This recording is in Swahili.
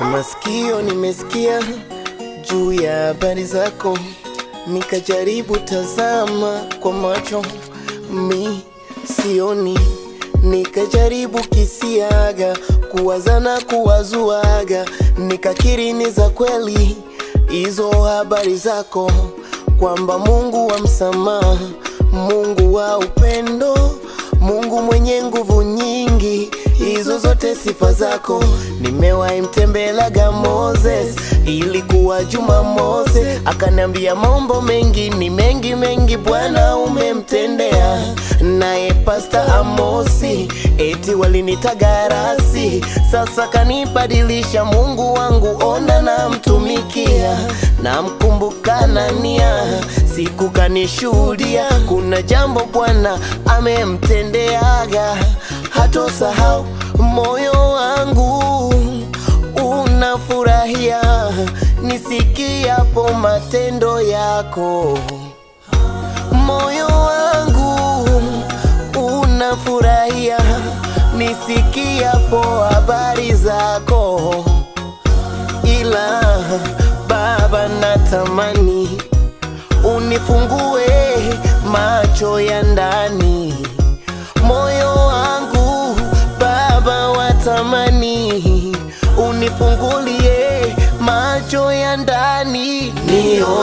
Kwa masikio nimesikia juu ya habari zako, nikajaribu tazama kwa macho mi sioni, nikajaribu kisiaga kuwazana kuwazuaga, nikakiri ni za kweli hizo habari zako, kwamba Mungu wa msamaha, Mungu wa upendo sifa zako. Nimewahi mtembelaga Moses, ilikuwa Jumamosi, akanambia mambo mengi ni mengi mengi Bwana umemtendea. Naye Pasta Amosi eti walinitagarasi, sasa kanibadilisha Mungu wangu, ona namtumikia, namkumbuka Anania, siku kanishuhudia, kuna jambo Bwana amemtendeaga hatosahau moyo wangu unafurahia nisikiapo matendo yako, moyo wangu unafurahia nisikiapo habari zako, ila Baba natamani unifungue macho ya ndani unifungulie macho ya ndani nione